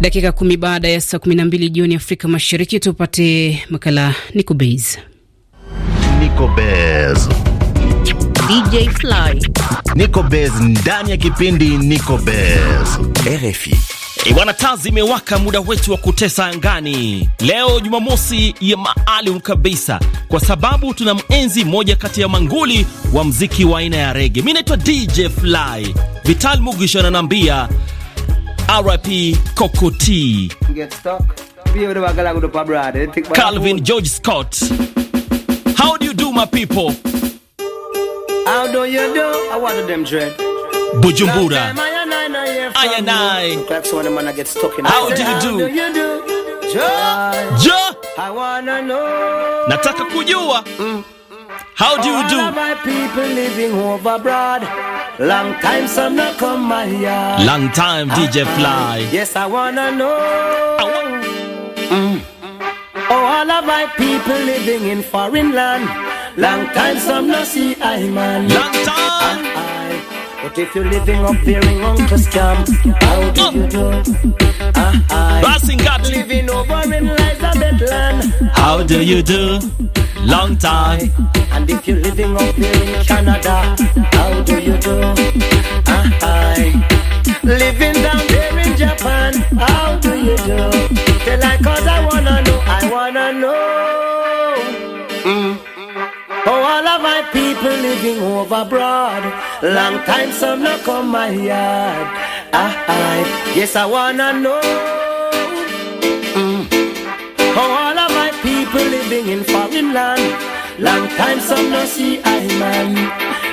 Dakika kumi baada ya saa 12 jioni Afrika Mashariki, tupate makala Niko DJ Fly. ndani ya kipindi Niko Base. RFI. Eh, bwana, taa zimewaka, muda wetu wa kutesa angani leo Jumamosi ya maalum kabisa, kwa sababu tuna mwenzi mmoja kati ya manguli wa mziki wa aina ya rege. Mi naitwa DJ Fly. Vital Mugisha ananiambia RIP Kokoti, Get Calvin George Scott. How do you do, my people? How do you do? I want them dread. Bujumbura. I and I. How do you do? Jo. I wanna know. Nataka kujua. Mm. How do you do? All my people living over abroad. Long time some not come my yard. Long time DJ Fly. Yes, I wanna know. Mm. Oh, all of my people living in foreign land. Long time some not see I man. Long time. I. But if you're living up here in Uncle's camp, how do you do? Uh, I, I. Living over in Elizabeth land. How do you do? long time. And if you're living up here in Canada, how do you do? I, uh-huh. living down there in Japan, how do you do? Tell I cause I wanna know, I wanna know. For mm. Oh, all of my people living over abroad, long time some not come my yard. I, uh-huh. I, yes I wanna know. living in foreign land. Long time some no see I man.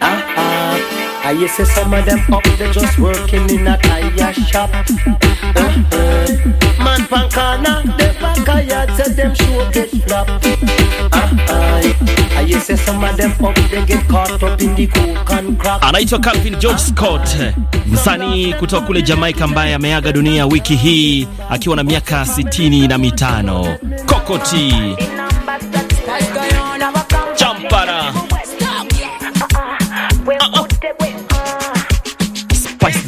Ah ah. I hear say some of them up there just working in a tire shop. Uh, -huh. Man pan corner, they pack a yard, say them sure get flop. Ah ah. Anaitwa Calvin George ah. Scott, msanii kutoka kule Jamaica ambaye ameaga dunia wiki hii akiwa na miaka sitini na mitano. Kokoti.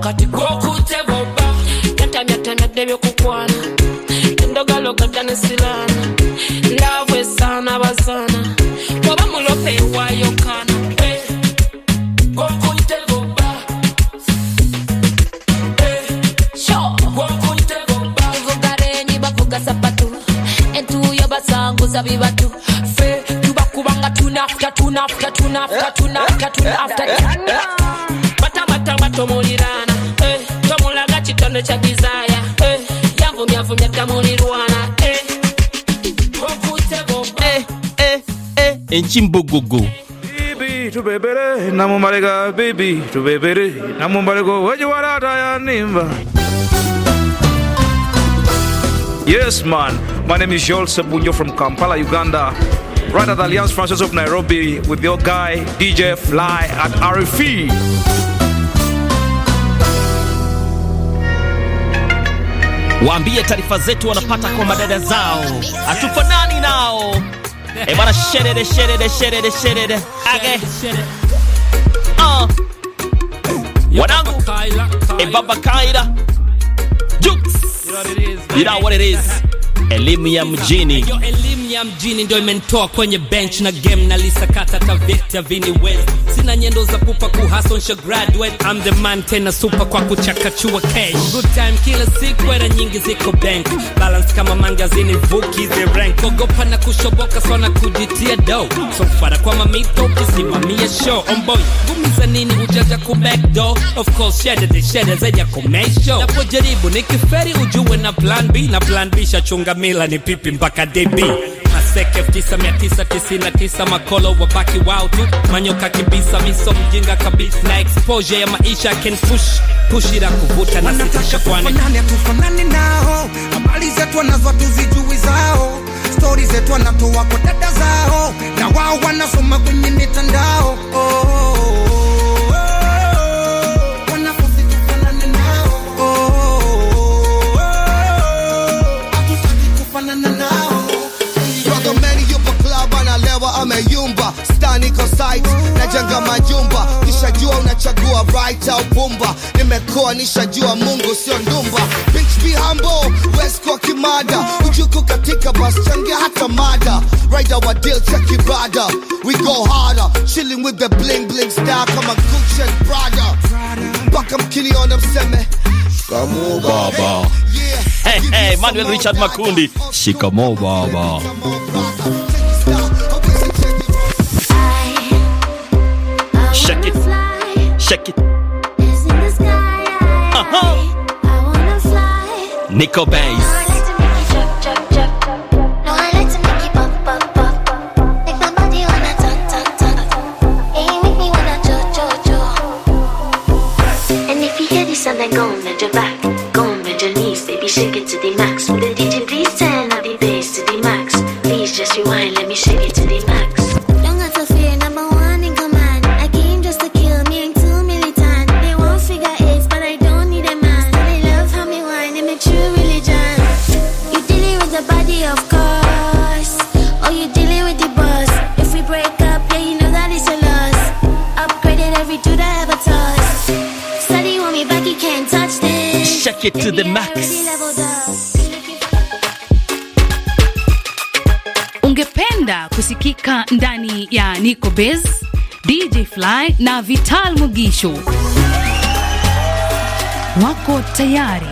kati gwokuteboba gatamyatanadde endogalo gadda ne Eh. eh. eh, eh, eh. tubebere bibi tubebere wejiwarata ya nimba Yes, man. My name is Joel Sebunyo from Kampala, Uganda. Right at Alliance Francis of Nairobi with your guy, DJ Fly at RFE. waambie taarifa zetu wanapata kwa madada zao, hatufanani nao e bana, sherede sherede sherede sherede age ah. wanangu e baba kaira Jux, you know what it is, elimu ya mjini ya mjini ndio imenitoa kwenye bench na game na lisakata ta vita vini west. Sina nyendo za pupa kuhustle nsha graduate. I'm the man tena super kwa kuchakachua cash. Good time kila siku era nyingi ziko bank. Balance kama mangazini vuki the rank. kogopa na kushoboka sana kujitia dough. So fara kwa mamito kisimamia show. On boy, gumiza nini ujaja ku back door? Of course, share the share zaja ya make na Napojaribu nikiferi ujue na plan B na plan B shachunga mila ni pipi mpaka debi sek elfu tisa mia tisa tisa makolo wabaki wao tu manyoka kibisa miso mjinga kabis na exposure ya maisha can push pushi kuvuta na sitisha kwani hatufanani nao habari zetu wanazo hatuzijui zao stori zetu wanatoa kwa dada zao na wao wanasoma kwenye mitandao oh, oh, oh. oh. Pakistan iko site, najenga majumba, nishajua unachagua right au pumba. Nimekoa nishajua Mungu sio ndumba. Bitch be humble, West kwa kimada, ujuku katika bus changia hata mada. Rider wa deal check ibada, we go harder, chilling with the bling bling star kama Gucci brother. Mpaka mkiniona mseme Shikamoo baba. Hey, hey, Manuel Richard Makundi. Shikamoo baba. Nickel bass. shake it to the max. Ungependa kusikika ndani ya Nico Bez, DJ Fly na Vital Mugisho wako tayari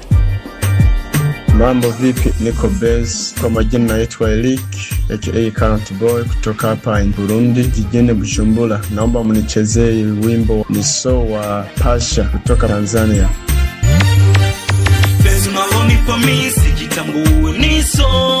Mambo vipi? Niko bes Kwa majina naitwa Eric aka Boy kutoka hapa Burundi, jijini bushumbula Naomba mnichezee wimbo ni so wa Pasha kutoka Tanzania. Bez, maloni kwa misi, jitambue, ni soo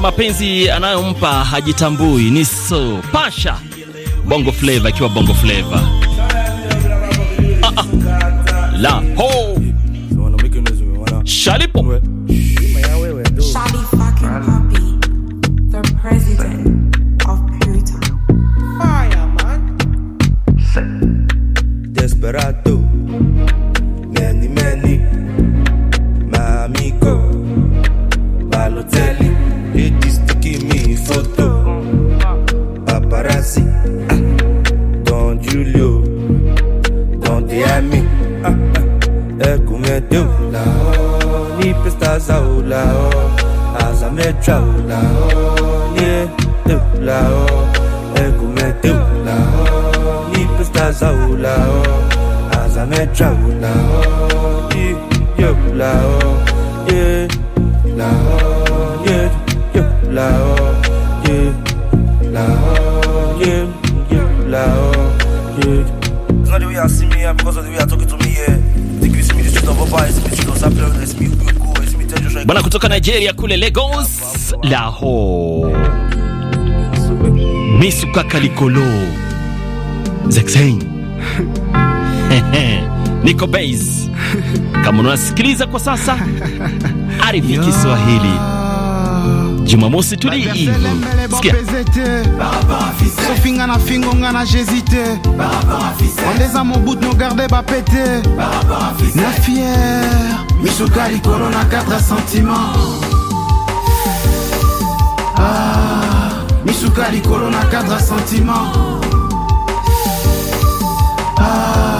mapenzi anayompa hajitambui ni so Pasha Bongo Flava akiwa Bongo Flava ah, ah. la ho shalipo jamais Cause the way I see me, because of the way I to me, yeah. Think you see me, shit me, shit it's me, it's me, kutoka Nigeria kule Lagos, Lahore. misukakalikolo Kalikolo. Zexane. Niko Base, kama unasikiliza kwa sasa Arifi Kiswahili Jumamosi tulivu. Sikia. Sofinga na fingo nga na j'hésité. Ondeza mon bout no garder ba pété. Na fière. Mishuka likolo na 4 sentiments. Ah, misuka likolo na 4 sentiments. Ah,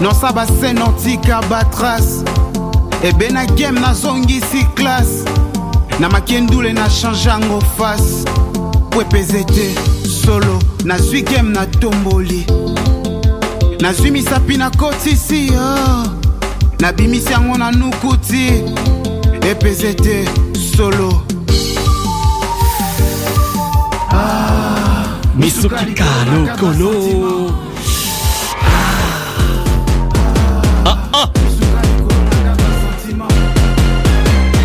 Non non Et eh ben E game na zongi si classe na makendule na change en face solo na solo solo na game na zui misapi si oh. n'a yango na nukuti Et eh, te solo ah, misukika kolo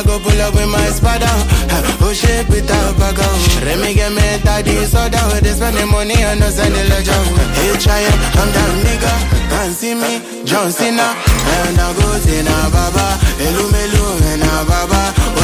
I go pull up with my spada. Oh shit, with a bago. Remy get me daddy soda. They spend the money on us and the legend. Hey, try it, I'm that nigga. Can't see me, John Cena. And I go Zena Baba. Elu Melu and Baba.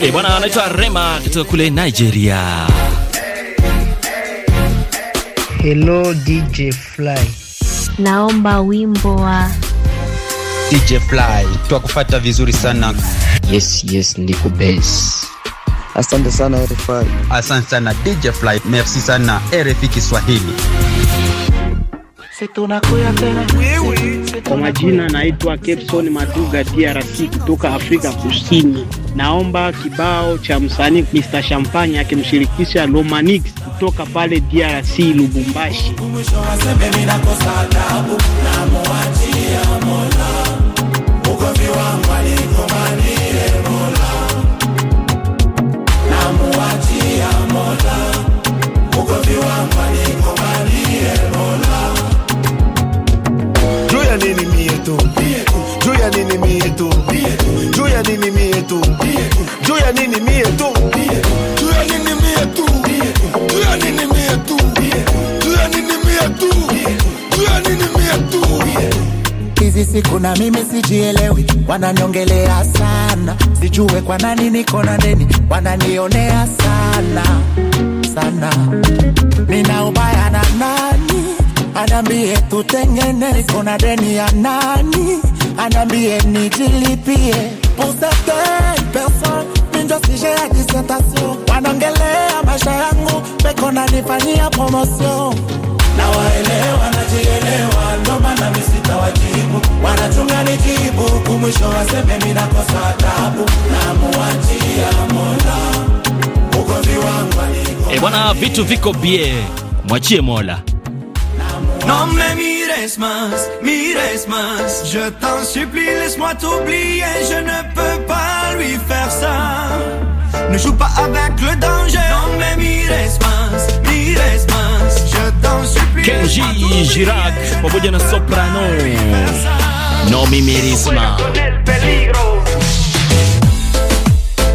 E bwana, anaitwa Rema kutoka kule Nigeria. Hello DJ Fly, naomba wimbo wa DJ Fly, twakufata vizuri sana. Yes, yes, niko base. Asante sana RFI. Asante sana DJ Fly. Merci sana RFI Kiswahili. kuya tena. Wewe. Kwa majina naitwa Kepson Maduga DRC kutoka Afrika Kusini. Naomba kibao cha msanii Mr. Champagne akimshirikisha Lomanix kutoka pale DRC Lubumbashi. yetu juu ya nini mie tu juu ya nini mie tu juu ya nini mie tu juu ya nini mie tu juu ya nini mie tu juu ya nini mie tu juu ya nini mie tu hizi siku na mimi sijielewi, wananiongelea sana, sijue kwa nani niko na deni, wananionea sana sana, nina ubaya na nani anambie tutengeneze, kuna deni ya nani? Anambie nijilipie dissertation, wanaongelea maisha yangu peko na nifanyia promotion na waelewa na najielewa, ndo maana wajibu wanachunga nijibu kumwisho waseme mimi nakosa adabu na muachia Mola ugozi wangu. E bwana, vitu viko bie, mwachie Mola. Non mais mires miresmas, Je t'en supplie, laisse-moi t'oublier Je ne peux pas lui faire ça Ne joue pas avec le danger Non mais miresmas, miresmas, mires Je t'en supplie Kenji Girac, pamoja un soprano Non mires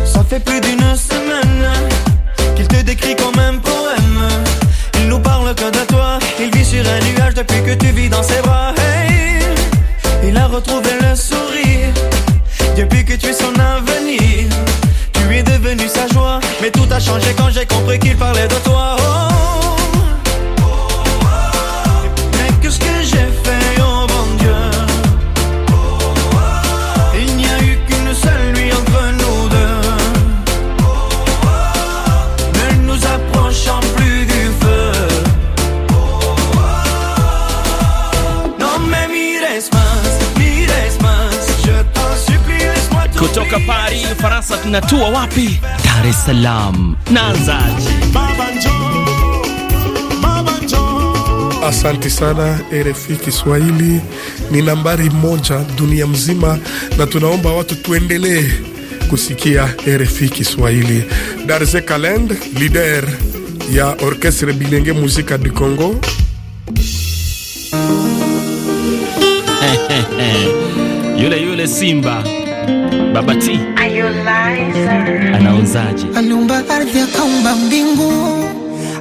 Ça fait plus d'une semaine Qu'il te décrit comme un depuis que tu vis dans ses bras. il a retrouvé le sourire depuis que tu es son avenir. Tu es devenu sa joie, mais tout a changé quand j'ai compris qu'il parlait de toi. Kutoka Paris, Ufaransa, tunatua wapi? Dar es Salaam. Naanzaje? Baba Asante sana RFI Kiswahili ni nambari moja dunia mzima, na tunaomba watu tuendelee kusikia RFI Kiswahili. Darze Kalend, lider ya Orkestre Bilenge Musika du Congo. Yule yule Simba Baba T anaonzaje? Aliumba ardhi akaumba mbingu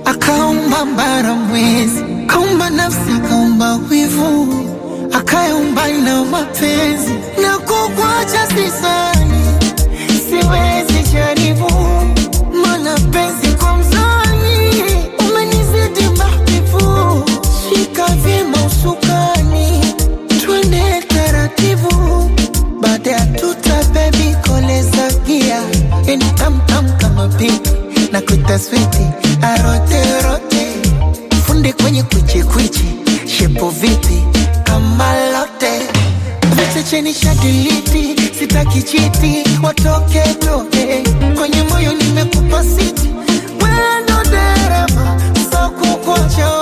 akaumba mbara mwezi akaumba nafsi akaumba wivu akaumba na mapenzi na kukwacha sisani siwezi jaribu na nakuita switi arote rote funde kwenye kwichi kwichi shepo viti kama lote viche cheni shadiliti sitaki chiti watoke toke kwenye moyo nimekupa siti wendo derema sokukocha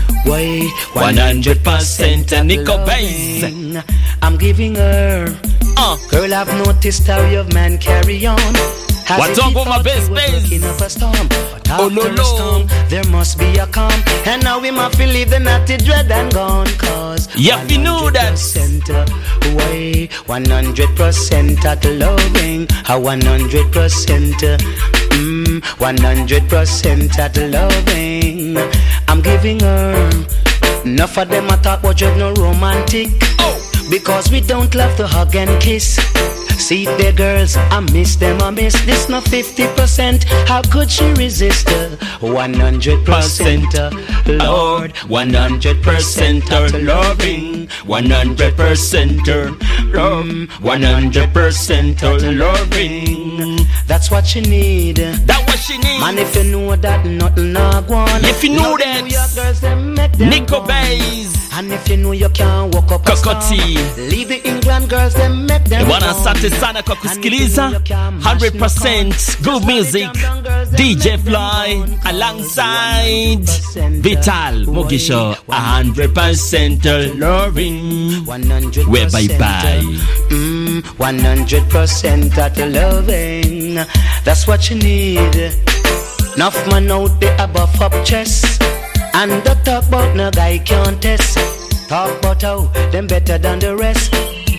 way. 100% and Nico Base. I'm giving her. Uh. Girl, I've noticed how your man carry on. What's up with my best base? In a storm, oh, no, no. storm, there must be a calm. And now we must believe the naughty dread and gone. Cause yeah, we know that. Way, 100% at loving. A 100%. Uh, mm, 100% at loving. I'm giving her. Enough of them attack, but you're no romantic. Because we don't love to hug and kiss. See the girls, I miss them, I miss this No 50%. How could she resist her? 100% Lord, 100% loving, 100% rum, 100% loving. That's what she need. That's what she need. Man, if you know that nothing not one. If you know that Nico Bays. And if you know you can't walk up Kokoti. Leave the England girls them make them. Bwana asante sana kwa kusikiliza 100% good music. DJ Fly alongside Vital Mugisho 100% loving. 100% percent we bye bye. 100% that loving. That's what you need. Enough man out there above up chest. And don't talk about no guy can't test. Talk about how them better than the rest.